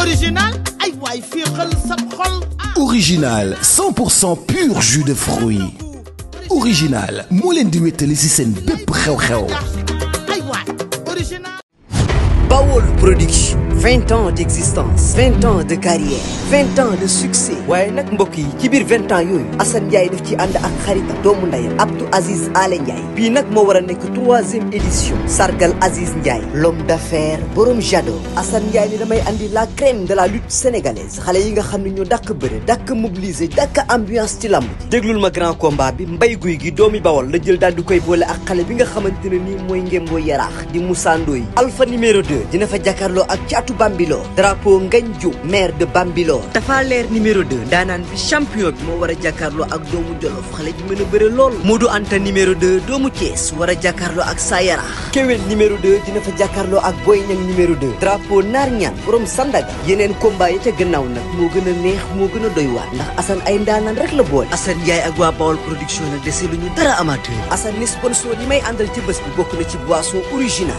original ay waay fii pur jus de fruits original moo leen di wéttali ci seen bépp vingt ans d'existence vingt ans de carrière vingt ans de succès waaye nag mbokk yi ci biir vingt ans yooyu Assane Ndiaye daf ci ànd ak xaritam doomu ndeyam Abdou Aziz Alé Ndiaye bii nag moo war a nekk troisième édition sargal Aziz Ndiaye l'homme d'affaires borom jado Assane Ndiaye ni damay andi la crème de la lutte sénégalaise xale yi nga xam ne ñoo dàkk bëre dàkk mobiliser dàkk ambiance ci lamb ji déglul ma grand combat bi mbay guy gi doomi bawol la jël daal di koy boole ak xale bi nga xamante ne nii mooy ngémboo yaraax di Moussa Ndoye alpha numéro 2 dina fa jàkkaarloo Fatou Bambilor drapeau Ngagne Diouf maire de Bambilor dafa leer numéro 2 daanaan bi champion bi moo war a jàkkaarloo ak doomu Jolof xale bi mën a bëre lool Modou Anta numéro 2 doomu Thiès war a jàkkaarloo ak Sayara Kewel numéro 2 dina fa jàkkaarloo ak Boy Niang numéro 2 drapeau Naar Ñaan borom Sandaga yeneen combat yi ca gannaaw nag moo gën a neex moo gën a doy waar ndax Assane ay ndaanaan rek la boole Assane Ndiaye ak waa Bawol production nag dese lu ñu dara amateur Assane ni sponsor yi may àndal ci bés bi bokk na ci boisson original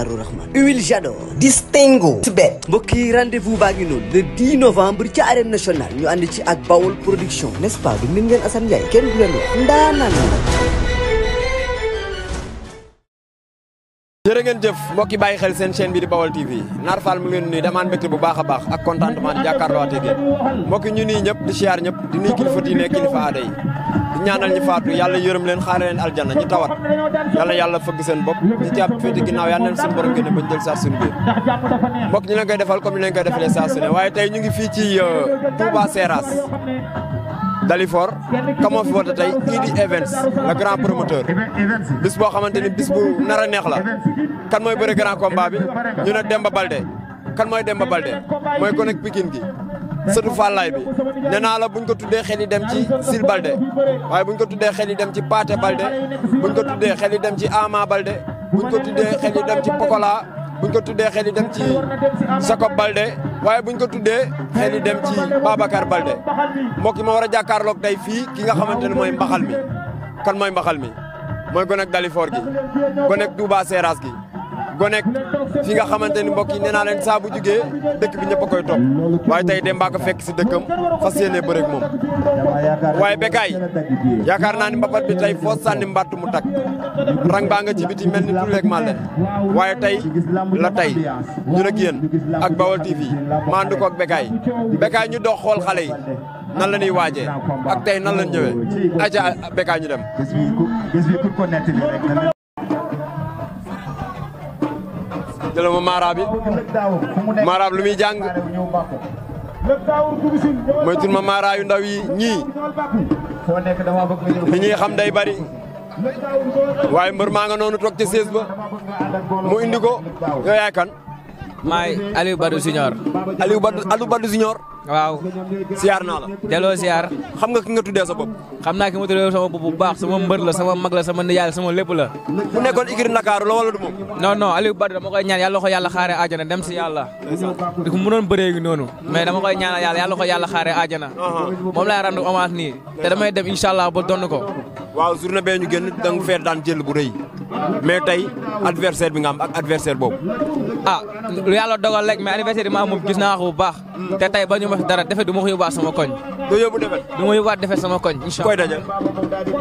Daaru Rahman huile Jador distingo Tibet mbokk yi rendez-vous baa ngi noonu le 10 novembre ci arène nationale ñu ànd ci ak Bawol production n'est-ce pas du min ngeen Assane Ndiaye kenn du leen wax jëf mbokki bàyyi xel seen chaîne bi di Bawal TV Naar fal mu leen nuy damaan mbégte bu baax a baax ak contentement di jàkkaarloo waatee géen mbokki ñu nii ñëpp di siyaar ñëpp di nuyu kilifa diine yi di ñaanal ñi faatu yàlla yërëm leen xaare leen aljana ñi tawat yàlla yàlla fëgg seen bopp ñi ci ab féete ginnaaw yàlla seen borom génne ba ñu jël saa suñu biir mbokk leen koy defal comme ñu leen koy defalee saa su waaye tey ñu ngi fii ci euh, Touba Seras Dalifort kamoo fi woote tey Idy Events le grand promoteur bis boo xamante ni bis bu nar a neex la kan mooy bëri grand combat bi ñu ne Demba Balde kan mooy Demba Balde mooy ko nekk Pikine gi sëtu Fallaye bi nee naa la buñ ko tuddee xel yi dem ci Sil Balde waaye buñ ko tuddee xel yi dem ci Paate Balde buñ ko tuddee xel yi dem ci Ama Balde buñ ko tuddee xel dem ci Pokola buñ ko tuddee xel yi dem ci Jacob Balde waaye buñ ko tuddee xel yi dem ci Babacar Balde mbokk yi ma war a jàkkaarloog tey fii ki nga xamante ne mooy mbaxal mi kan mooy mbaxal mi mooy gonek Dalifor gi gonek Touba seeraas gi gonek fi nga xamante ni mbokk yi nee naa leen saa bu jugee dëkk bi ñëpp a koy topp waaye tey Demba fekk si dëkkam fas yéenee bëreeg moom. waaye Bécaye yaakaar naa ni mbapat bi tey foo sànni mbatu mu takk rang baa nga ci biti mel ni tulleeg maa waaye tey la tey ñu ak yéen ak Baol TV maa ànd ko ak Bécaye Bécaye ñu dox xool xale yi. nan la ñuy waajee ak tey nan la ñëwee aja Bécaye ñu dem fàttali ma maaraab yi maaraab lu muy yu ndaw yi ñii li ñuy xam day bari waaye mbër maa nga noonu toog ci sées ba mu indi ko yow kan. maay Aliou Badou Junior. Aliou Badou Aliou Badou Junior. waaw ziar naa la delloo ziar xam nga ki nga tuddee sa bopp xam naa ki ma tuddee sama bopp bu baax sama mbër la sama mag la sama nijaay sama lépp la bu nekkoon igri Ndakaaru la wala du moom non non Aliou Badou dama koy ñaan yàlla ko yàlla xaare aajana dem si yàlla mu ko mënoon bëree noonu mais dama koy ñaanal yàlla yàlla ko yàlla xaaree aajana uh-huh. moom laay rendre hommage nii te damay dem incha allah ba donn ko waaw journée bee ñu génn da nga fee daan jël bu rëy mais tey adversaire bi nga am ak adversaire boobu. ah lu yàlla dogal rek lek adversaire bi ma am moom gis naa ko bu baax. te tey ba ñu ma dara defe du ma ko yóbbuwaat sama koñ. doo yóbbu defet du ma yóbbuwaat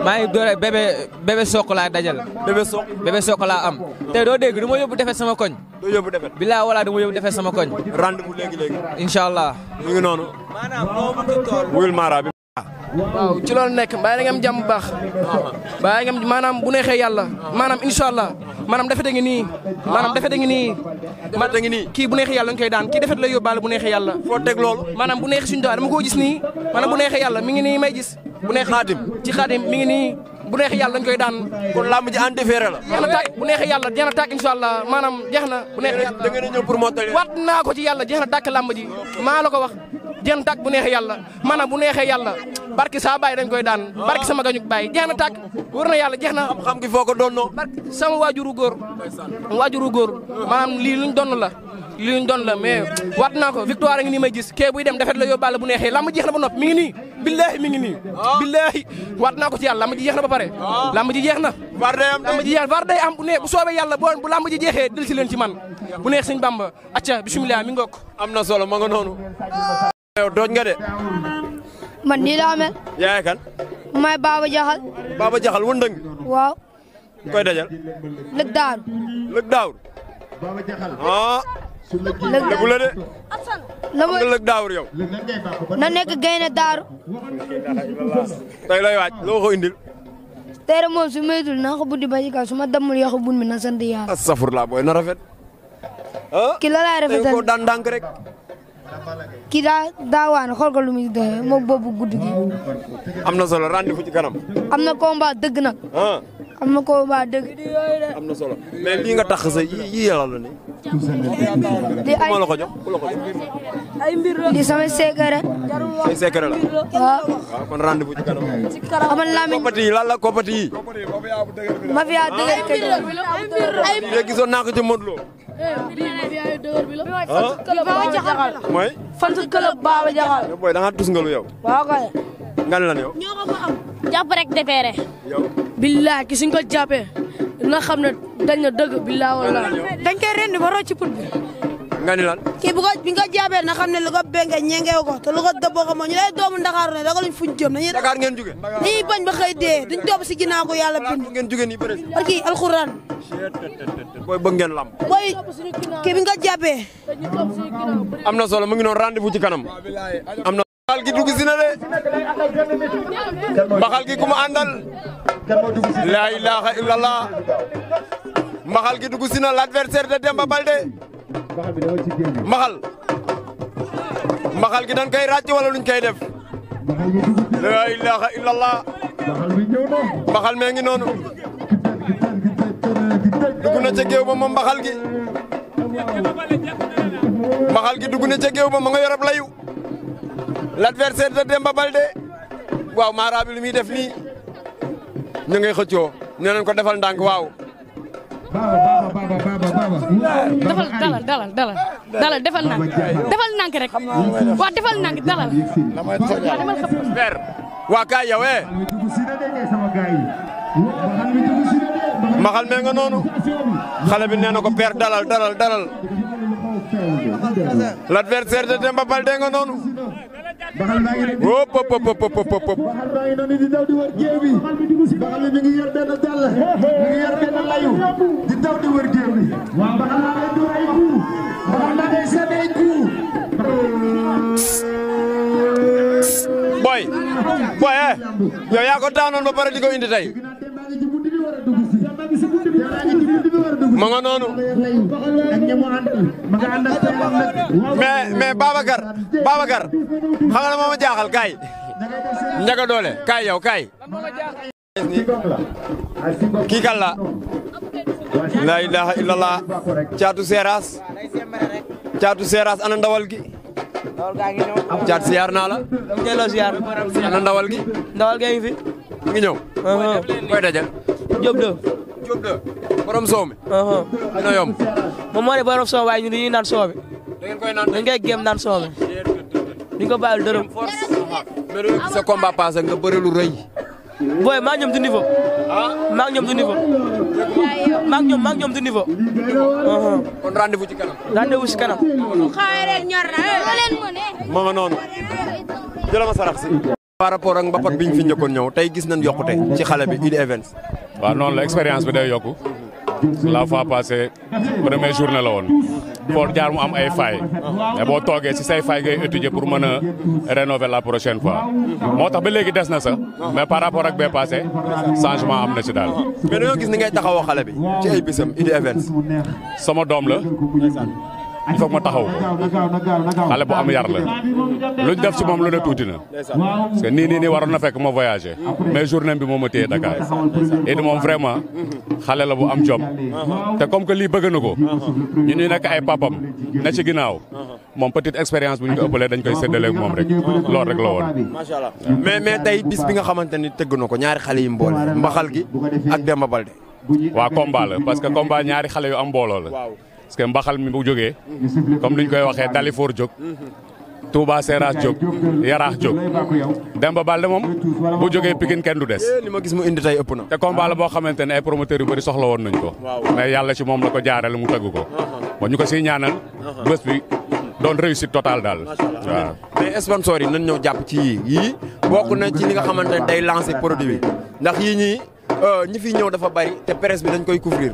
maa ngi doore bébé bébé laa dajal. bébé soq bébé soq laa am. te doo dégg du ma yóbbu defet sama koñ. doo yóbbu defet bilaa wala du ma yóbbu defet sama koñ. rendez-vous léegi léegi. incha allah. mu ngi noonu. maanaam noo mën waaw ci loolu nekk mbaa da jam jàmm bu baax. mbaa da ngeen maanaam bu neexee yàlla. maanaam incha allah maanaam defet a ngi nii. maanaam defet a ngi nii. defet kii bu neexee yàlla ñu koy daan kii defet la baale bu neexee yàlla. foo teg loolu. maanaam bu neexee suñu dama koo gis nii. maanaam bu neexee yàlla mi ngi nii may gis. bu neexee xaadim ci xaadim mi ngi nii. bu neexee yàlla dañ koy daan. kon làmb ji en différé la. jeex na tàkk bu neexee yàlla jeex na tàkk allah maanaam jeex a ñëw pour mottali. naa ko ci yàlla jeex na tàkk ji maa la ko wax jeex na tàkk bu neexee yàlla maanaam bu neexee yàlla barki saa baay dañ koy daan barki sama gañu baay jeex na tàkk wër na yàlla jeex na. xam-xam gi foo ko doonoo. barki sama waajuru góor waajuru góor maanaam lii luñ doon la. li ñu doon la mais waat naa ko victoire ngi may gis kee buy dem defet la yóbbaale bu neexe lamb jeex na ba nop mi ni nii billaahi mi ngi ah. billaahi waat naa ko ci yàlla lamb ji jeex na ba pare ah. lamb ji jeex na lamb ji jeex war day am bu ne bu soobee yàlla boo bu lamb ji jeexee dil si leen ci man bu neex sëñ Bamba acca bisimilah mi am na solo ma nga noonu yow tooñ nga de. ma nii laa ma yaay kan. may Baba Jaxal. Baba Jaxal wëndëng. waaw. koy dajal. lëg daaru. lëg daaru. ah. lëg la de. la ma lëg daaru yow. na nekk gaynde daaru. la looy waaj loo ko indil. tey rek moom su ma itul naa ko buddi ba ci kaw su ma demul yàqu bun mi na sant yàlla. astafurlaa booy na rafet. ah. ki la laay rafetal tey ko daan ndànk rek. kii daa daa waane xool ko lu muy doxee moom boobu guddi am na solo rendez-vous ci kanam. am na combat dëgg nag. Ah. am na ko ba dëgg. am na solo lii nga tax sa yi yàlla ni. di ay ma la ko jox ku la ko jox. ay mbir la di samay secret. say secret la. waaw waaw kon rendez-vous la koppati yi. ma fi yaa dëgër kër yi. ay mbir la gisoon naa ko ci Modou Lo. ah mooy. fan su këlëb Baba yow. nga ne lan yow. ñoo ko ko am. jàpp rek defeere. yow. billaay ki suñ ko jàppee na xam na dëgg billaay wala. dañ koy rendi ba rocc put bi. nga ni lan. kii bu ko bi nga jàppee na xam ne lu ko benge ñeengeewu ko te lu ko dëbboo ko mooy ñu lay doomu Ndakaaru ne ragaluñ fuñ jëm dañuy. Dakar ngeen jóge. dañuy bañ ba xëy dee duñ topp si ginnaaw ko yàlla bind. ngeen jóge nii bëre. ok alxuraan. booy bëgg ngeen lam. booy kii bi nga am na solo mu ngi noonu kanam. am na. baxal gi dugg si na de baxal gi ku mu àndal laa ilaaha illallah maxal gi dugg na l'adversaire de Demba Balde maxal maxal gi dañ koy ràcc wala luñ koy def laa ilaaha illallah maxal mee dugg na ca géew ba moom maxal gi maxal gi dugg na ca géew ba ma nga yorab layu l'adversaire de Demba Baldé waaw Mara bi lu muy def nii ñu ngay xëccoo nee ko defal ndànk waaw. baaba baaba baaba baaba. dalal dalal dalal dalal defal ndànk defal ndànk rek waaw defal ndànk dalal. waa kaay yow eh. maxal mee nga noonu xale bi nee na ko père dalal dalal dalal l'adversaire de Demba Baldé nga noonu. wóop pop pop pop pop pop. baxal baa ngi noonu di daw di wër géew ngi yor benn di daw di wër géew bi. baxal naa lay dóor ay coup baxal naa ay coup. boy boy eh yow yaa ko daanoon ba pare di ma nga noonu mais mais Babacar Babacar xam nga moo ma jaaxal kaay njaga doole kaay yow kaay kii laa ilaha illallah caatu seeraas caatu seeraas ana ndawal gi caat siyaar naa la ana ndawal gi ndawal gi ngi fi ngi ñëw Diop de borom soow mi. Uh-huh. dina yomb. moom moo ne borom soow waaye ñun dañuy naan soow mi. da ngeen koy naan dañ koy gém naan soow mi. ko bàyyil dërëm. mais da nga sa combat passé nga bëri lu rëy. booy maa ngi ñoom du niveau. Ah? maa ngi ñoom du niveau. maa ngi ñoom maa ngi ñoom du niveau. Uh-huh. kon rendez-vous ci kanam. rendez-vous ci kanam. ma nga noonu. jëlal ma sarax si. par rapport ak mbapat bi ñu fi njëkkoon tey gis nañ yokkute ci xale bi Idy waaw noonu la expérience bi day yokku la fois passée première journée la woon foo jaar mu am ay failles mais boo toogee si say failles ngay étudier pour mën a rénover la prochaine fois moo tax ba léegi des na sa mais par rapport ak bee passé changement am na si daal. mais dañoo gis ni ngay taxawoo xale bi ci ay bisam Idy Events. sama doom la. il faut ma taxaw ko xale bu am yar la luñ def si moom lu ne tuuti na parce nii nii nii waroon na fekk ma voyagé mais journée bi moom ma téye Dakar it moom vraiment xale la bu am jom te comme que lii bëgg na ko ñu ñuy nekk ay papam na ci ginnaaw moom petite expérience bu ñu ko lee dañ koy séddaleeg moom rek loolu rek la woon. macha allah mais mais tey bis bi nga xamante ni tëgg na ko ñaari xale yi mboole mbaxal gi ak Demba Balde. waa combat la parce que combat ñaari xale yu am mbooloo la. parce que mbaxal mi bu jógee comme ni ñu koy waxee Dalifoor jóg Touba Seras jóg Yaraax jóg Demba Balde moom bu jógee Pikine kenn du des. Eh, li ma gis mu indi tey ëpp na. te combat la boo xamante ne ay promoteurs yu bëri soxla woon nañ ko. mais yàlla ci moom la ko jaarale mu tëgg ko. Uh-huh. bon ñu ko siy ñaanal. Uh-huh. bés bi doon réussite totale daal. waaw mais sponsors yi nañ ñëw jàpp ci yii yii bokk na ci li nga xamante day lancer produit bi ndax yii ñii. Euh, ñi fi ñëw dafa bari te presse bi dañ koy couvrir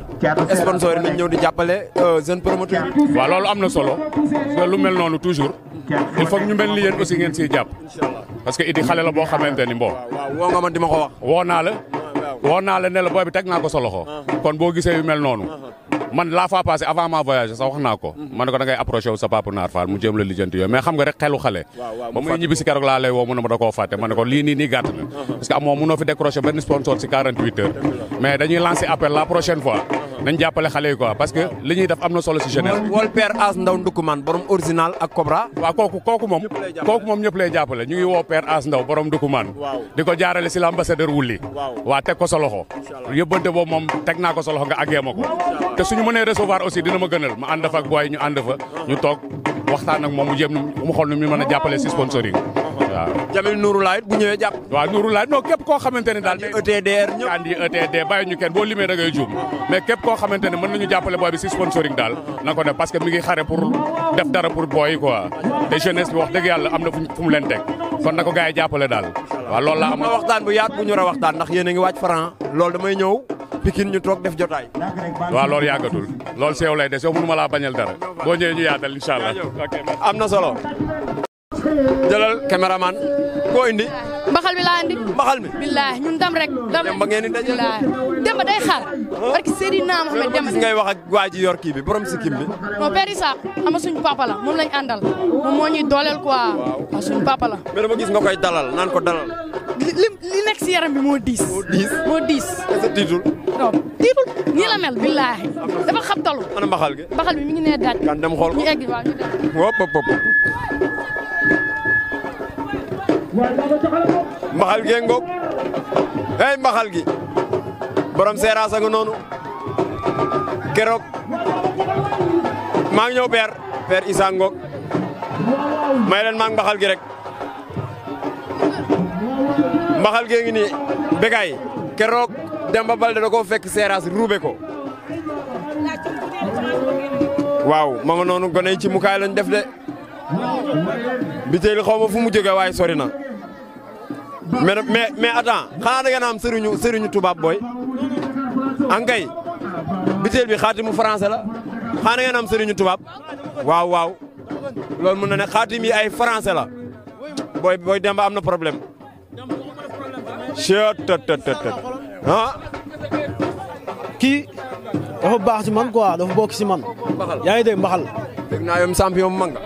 sponsor yi nañ ñëw di jàppale euh, jeune promoteur waaw loolu am na solo lu mel noonu toujours il faut ñu mel ni yéen aussi ngeen siy jàpp parce que Idy xale la boo xamante ni mbo woo nga man di ma ko wax woo naa la ah, woo naa la ne la booy bi teg naa ko sa loxo ah. kon boo gisee yu mel noonu ah, man la fois passée avant ma voyage sax wax naa ko. Mhm. ma ne ko da ngay sa papa Naar Fall mu jéem la lijjanti yooyu mais xam nga rek xelu xale. ba muy ñibbi si keroog laa woo mu ne ma da fàtte ma ne ko lii nii nii gàtt na. Mhm. parce que amoo mënoo fi décroché benn sponsor si 48 heures. mais dañuy lancé appel la prochaine fois. Mhm. nañ jàppale am na solo si jeunesse. wol père As Ndaw Ndukumaan borom original ak Cobra. waaw kooku kooku moom kooku suñu mënee recevoir aussi dina ma gënal ma ànd fa booy ñu ànd fa ñu toog waxtaan ak moom mu jéem mu xool nu mu mën a jàppale si sponsoring waaw Jamil Nourou Laye bu ñëwee jàpp waaw Nourou Laye non képp koo xamante daal ETDR e ñëpp andi e bàyyi ñu kenn boo limee da ngay juum mais képp koo xamante mën nañu jàppale booy bi si sponsoring daal na ko def parce que ngi xare pour def dara pour booy yi quoi te jeunesse bi wax dëgg yàlla am na fu mu leen Pikine ñu toog def jotaay. waaw loolu yàggatul loolu seew lay des yow mënu ma laa bañal dara boo ñëwee ñu yaatal incha allah. am na solo. jëlal caméraman koo indi. mbaxal mi laa andi. mbaxal mi billaahi ñun dam rek. dam rek ba ngeen di daje. Demba day xaar. parce que ngay wax ak waa borom sikkim bi. non Père Issa xam nga moom lañ àndal moom moo ñuy dooleel quoi. waaw suñu papa gis nga koy dalal naan ko dalal. li li nekk bi moo diis. moo diis moo diis. est-ce que tiitul. tiitul nii la mel. billaahi dafa xabtalu. ana mbaxal gi mbaxal bi mi ngi nee daaj. kan dem xool ko ñu egg waaw ñu dem. wop mbaxal gee ngoog. hey mbaxal gi. borom seeraas nga noonu. keroog. maa ngi ñëw père. père Issa ngoog. may leen maa ngi mbaxal gi rek. mbaxal gee ngi ni Bécaye keroog Demba Balde da koo fekk seeraas ruube ko waaw ma nga noonu gone yi ci mukaay lañ def de bitéeli xaw ma fu mu jógee waaye sori na mais mais mais attends xanaa sëriñu sëriñu tubaab booy ankay bitéel bi xaatimu français la xanaa sëriñu tubaab waaw waaw loolu mën na ne xaatim yi ay français la booy booy Demba am na problème ah kii dafa baax si man quoi dafa bokk si man. yaa ngi dégg mbaxal. dégg naa yow champion bu mag nga.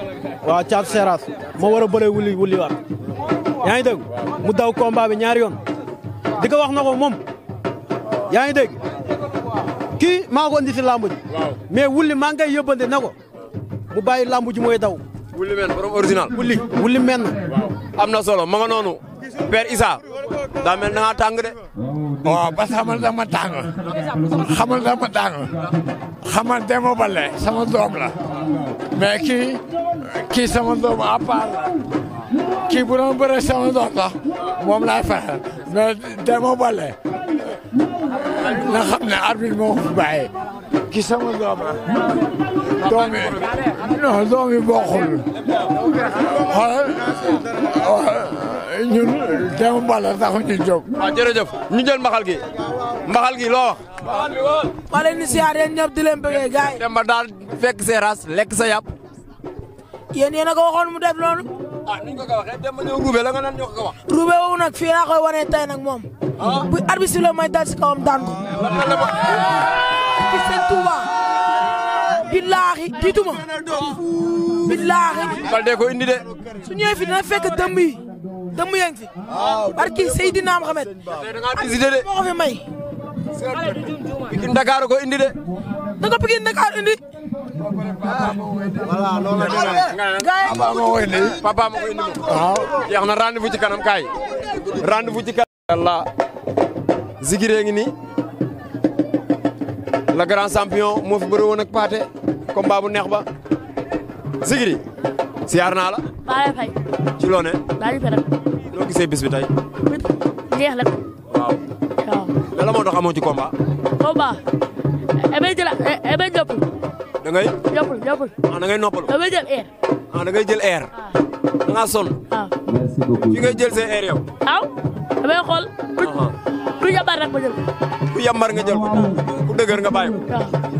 waaw caat seeraat ma war a bëree wuli wuli waat yaa ngi dégg mu daw combat bi ñaari yoon di ko wax na ko moom yaa ngi dégg kii maa ko indi si làmb ji. mais wuli maa ngi koy yóbbante na ko mu bàyyi làmb ji mooy daw. wuli men borom original. wuli wuli men. am na solo ma nga noonu. Père Issa daa mel na nga tàng de. waaw parce que xamal sax ma tàng xamal sax ma tàng xamal Demba la mais kii kii sama doomu à kii bu doon bëre sama doom sax moom laay fexe mais na xam ne arbitre moo ko bàyyi kii sama doom la doom yi ñun dem bala taxu ñu jóg. Ah, ñu jël mbaxal gi mbaxal gi loo wax. ma leen di siyaar yéen ñëpp di leen daal fekk sa lekk sa yàpp. yéen yéen a ko mu def loolu. ah ni nga ko waxee dem ba ñëw ruube la nga naan ñoo ko ko wax. ruube woowu ah? si kawam daan ko. fi eh, seen Touba. billaahi jiitu ma. billaahi. bal dee ko indi de. su ñëwee fi fekk dëmb dëmm yaa ngi fi. waaw barki Seydina Mohamed. moo ko fi may. Pikine Dakar ko indi de. da ko Pikine Dakar indi. voilà loolu la gën papa ma koy indi papa ma koy indi waaw. jeex na rendez-vous ci kanam kaay. rendez-vous ci kanam. yàlla zigiree ngi nii. la grand champion moo fi bëri woon ak Paate combat bu neex ba. zigiri siyaar naa la. maa lay fay. ci loonee. maa ngi noo gisee bis bi tey. jeex rek. waaw. waaw. la moo tax amoo ci ko ba damay jël damay noppal. da ngay. noppal noppal. ah da jël air. ah da ngay jël air. waaw. Ah. da ah. fi ngay jël seen air yow. waaw. damay xool. Ah, ku yambar rek ma jël ko. ku yambar nga jël ko. ku dëgër nga bàyyi ko.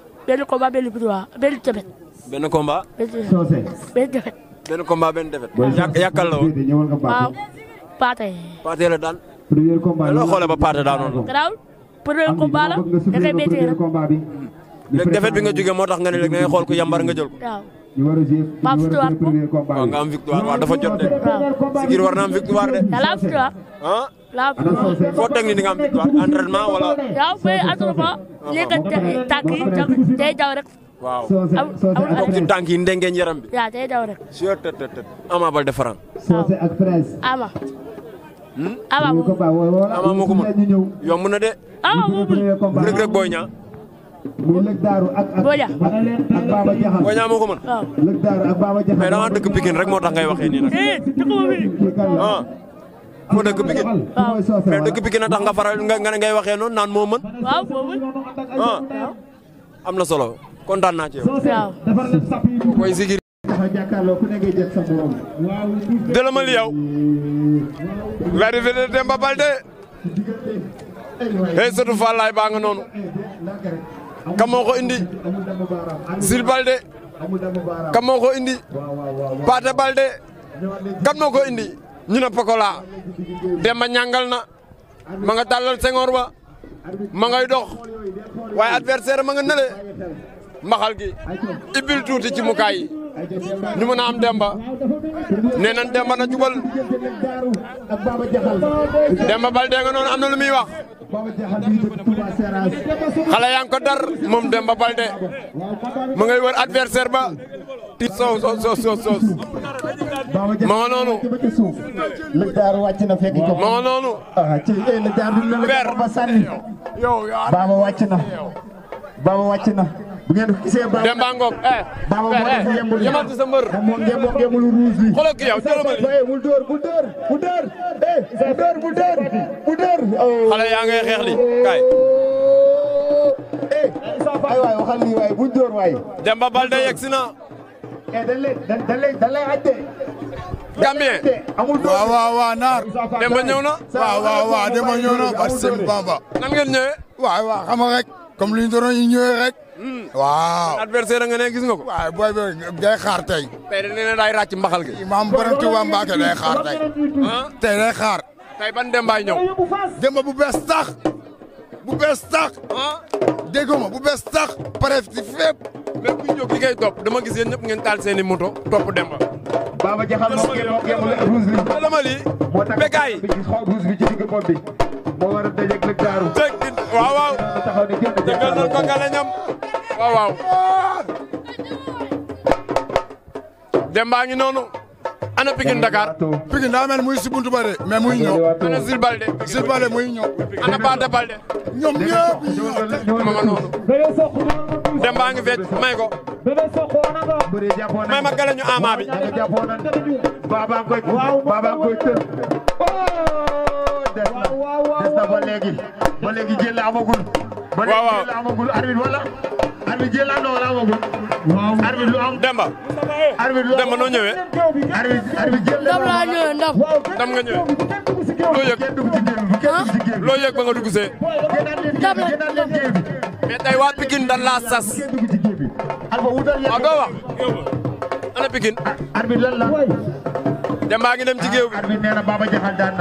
benn combat benn victoire benn défaite. benn combat. benn défaite. benn combat benn défaite. yàkkal la woon. waaw Pathé. Pathé la daan. premier combat loo xoolee ba Pathé daanoon. gannaaw premier combat la da koy méttee bi nga jógee moo tax nga ne léegi ngay xool ku yambar nga jël ko. waaw. ma nga am victoire waaw dafa jot de. waaw Sigir war na am victoire de. la am victoire. ah. am ni nga am victoire entraînement wala. waaw mais entraînement. léegi tànk yi day daw rek. waaw amul ci tànk yi Ama Baldé Ama. Hmm? Ama moo ko mën na de. Ama moo mën rek rek booy ñaa. muy lëg daaru moo ko mën. waaw lëg daaru ak Baba Jaxal. tax ngay moo dëkk Pikine mais dëkk a tax nga faral nga ngay waxee noonu naan moo ah. am na solo kontaan naa ci yow. koy sigir. dëlëmal yow. vérifié Demba Balde. hey Sadou Fallaye baa nga noonu. ka moo ko indi. Sil Balde. ka moo ko indi. Paate Balde. kan moo ko indi. ñu ne Pokola Demba ñàngal na ma nga tàllal sengoor ba ma ngay dox waaye adversaire ma nga nële mbaxal gi ibbil tuuti ci mukaay yi ñu mën a am Demba nee nañ Demba na jubal Demba Baldé nga noonu am na lu muy wax xale yaa ko dar moom Demba Baldé ma ngay wër adversaire ba ti soow soow soow soow soow ma nga noonu la jaar wàcc na fekk ko ma nga noonu ah, ci eh, la jaar bi la ko ba sànni baaba wàcc na baaba wàcc na bu ngeen gisee baaba dem bangok eh baaba moo def eh. yembul yamal ci sa mbër moo ngeen moo ngeen lu rouge bi xoolal ki yow jëlal eh, bul dóor bul dóor bul dóor eh bul dóor bul dóor bul oh. dóor xale yaa ngay xeex li oh. kaay ay waay waxal lii waay bul dóor waay Demba Baldé yegsi na Gambien waaw waaw waaw naar Demba ñëw na waaw waaw waaw Demba ñëw na ba Sim Bamba nan ngeen ñëwee waaw waaw xam rek comme li ñu doon ñu rek hmm. waaw adversaire nga ne gis nga ko waaw booy bi day xaar tey mbaxal gi maam borom xaar tey tey day xaar tey ban Dembaay ñëw Demba bu bees tax bu bees tax. Ah. déggoo ma bu bees tax pare ci fépp. mais kuy jóg li ngay topp dama gis yéen ngeen taal seen i moto topp Demba. Baba Diakhal moo gën moo gën a ruus bi. dama li békaay bi ci xaw ruus bi ci digg bopp bi. moo a dajeeg nag ngi noonu. ana Pikine Dakar. Pikine daa muy si buntu ba de mais muy ñëw. ana Zil Balde. Zil muy ñëw. ana Paate Balde. ñoom ñëpp ma nga noonu. Demba ngi fecc may ko. may ma gale ñu ama bi. baba koy baba koy tër. des na des na ba léegi ba léegi jël amagul. ba léegi jël amagul arbitre wala. arbitre jël am na Demba. Demba noo ñëwee. arbitre arbitre jël nga ñëwee. loo yëg nga dugg see. ndam la mais tey waa Pikine dañ ah, ah, Demba ah, Jaxal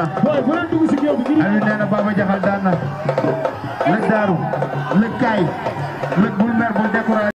daan na. arbitre nee na on décourage